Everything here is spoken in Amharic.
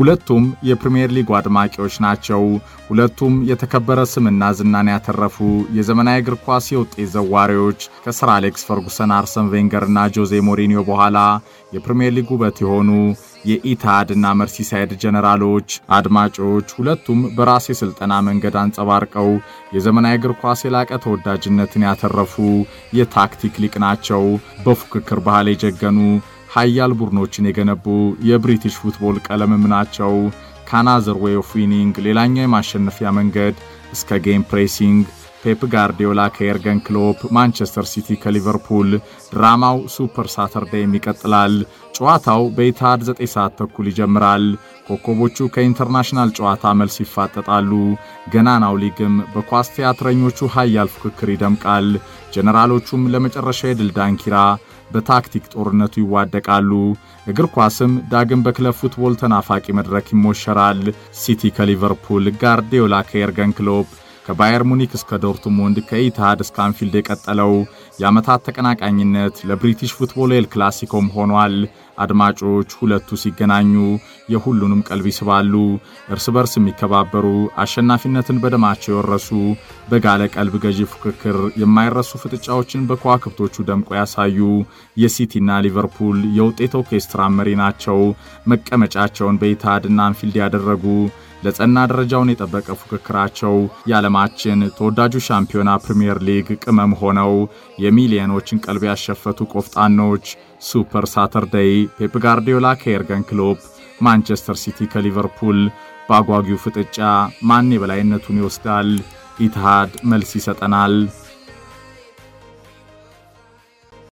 ሁለቱም የፕሪምየር ሊጉ አድማቂዎች ናቸው። ሁለቱም የተከበረ ስምና ዝናን ያተረፉ የዘመናዊ እግር ኳስ የውጤት ዘዋሪዎች ከሰር አሌክስ ፈርጉሰን፣ አርሰን ቬንገርና ጆዜ ሞሪኒዮ በኋላ የፕሪምየር ሊግ ውበት የሆኑ የኢታድ እና መርሲሳይድ ጀነራሎች አድማጮች ሁለቱም በራስ የሥልጠና መንገድ አንጸባርቀው የዘመናዊ እግር ኳስ የላቀ ተወዳጅነትን ያተረፉ የታክቲክ ሊቅ ናቸው። በፉክክር ባህል የጀገኑ ሀያል ቡድኖችን የገነቡ የብሪቲሽ ፉትቦል ቀለምም ናቸው። ካናዘር ዌይ ኦፍ ዊኒንግ ሌላኛው የማሸነፊያ መንገድ እስከ ጌም ፕሬሲንግ ፔፕ ጋርዲዮላ ከኤርገን ክሎፕ፣ ማንቸስተር ሲቲ ከሊቨርፑል። ድራማው ሱፐር ሳተርዴይም ይቀጥላል። ጨዋታው በኢታድ 9 ሰዓት ተኩል ይጀምራል። ኮከቦቹ ከኢንተርናሽናል ጨዋታ መልስ ይፋጠጣሉ። ገናናው ሊግም በኳስ ቲያትረኞቹ ኃያል ፉክክር ይደምቃል። ጀነራሎቹም ለመጨረሻ የድል ዳንኪራ በታክቲክ ጦርነቱ ይዋደቃሉ። እግር ኳስም ዳግም በክለብ ፉትቦል ተናፋቂ መድረክ ይሞሸራል። ሲቲ ከሊቨርፑል፣ ጋርዲዮላ ከኤርገን ክሎፕ ከባየር ሙኒክ እስከ ዶርትሙንድ ከኢትሃድ እስከ አንፊልድ የቀጠለው የዓመታት ተቀናቃኝነት ለብሪቲሽ ፉትቦል ኤል ክላሲኮም ሆኗል። አድማጮች ሁለቱ ሲገናኙ የሁሉንም ቀልብ ይስባሉ። እርስ በርስ የሚከባበሩ፣ አሸናፊነትን በደማቸው የወረሱ፣ በጋለ ቀልብ ገዢ ፉክክር የማይረሱ ፍጥጫዎችን በከዋክብቶቹ ደምቆ ያሳዩ የሲቲና ሊቨርፑል የውጤት ኦርኬስትራ መሪ ናቸው። መቀመጫቸውን በኢትሃድና አንፊልድ ያደረጉ ለጸና ደረጃውን የጠበቀ ፉክክራቸው የዓለማችን ተወዳጁ ሻምፒዮና ፕሪምየር ሊግ ቅመም ሆነው የሚሊዮኖችን ቀልብ ያሸፈቱ ቆፍጣኖች ሱፐር ሳተርዴይ ፔፕ ጋርዲዮላ ከኤርገን ክሎፕ ማንቸስተር ሲቲ ከሊቨርፑል በአጓጊው ፍጥጫ ማን የበላይነቱን ይወስዳል? ኢትሃድ መልስ ይሰጠናል።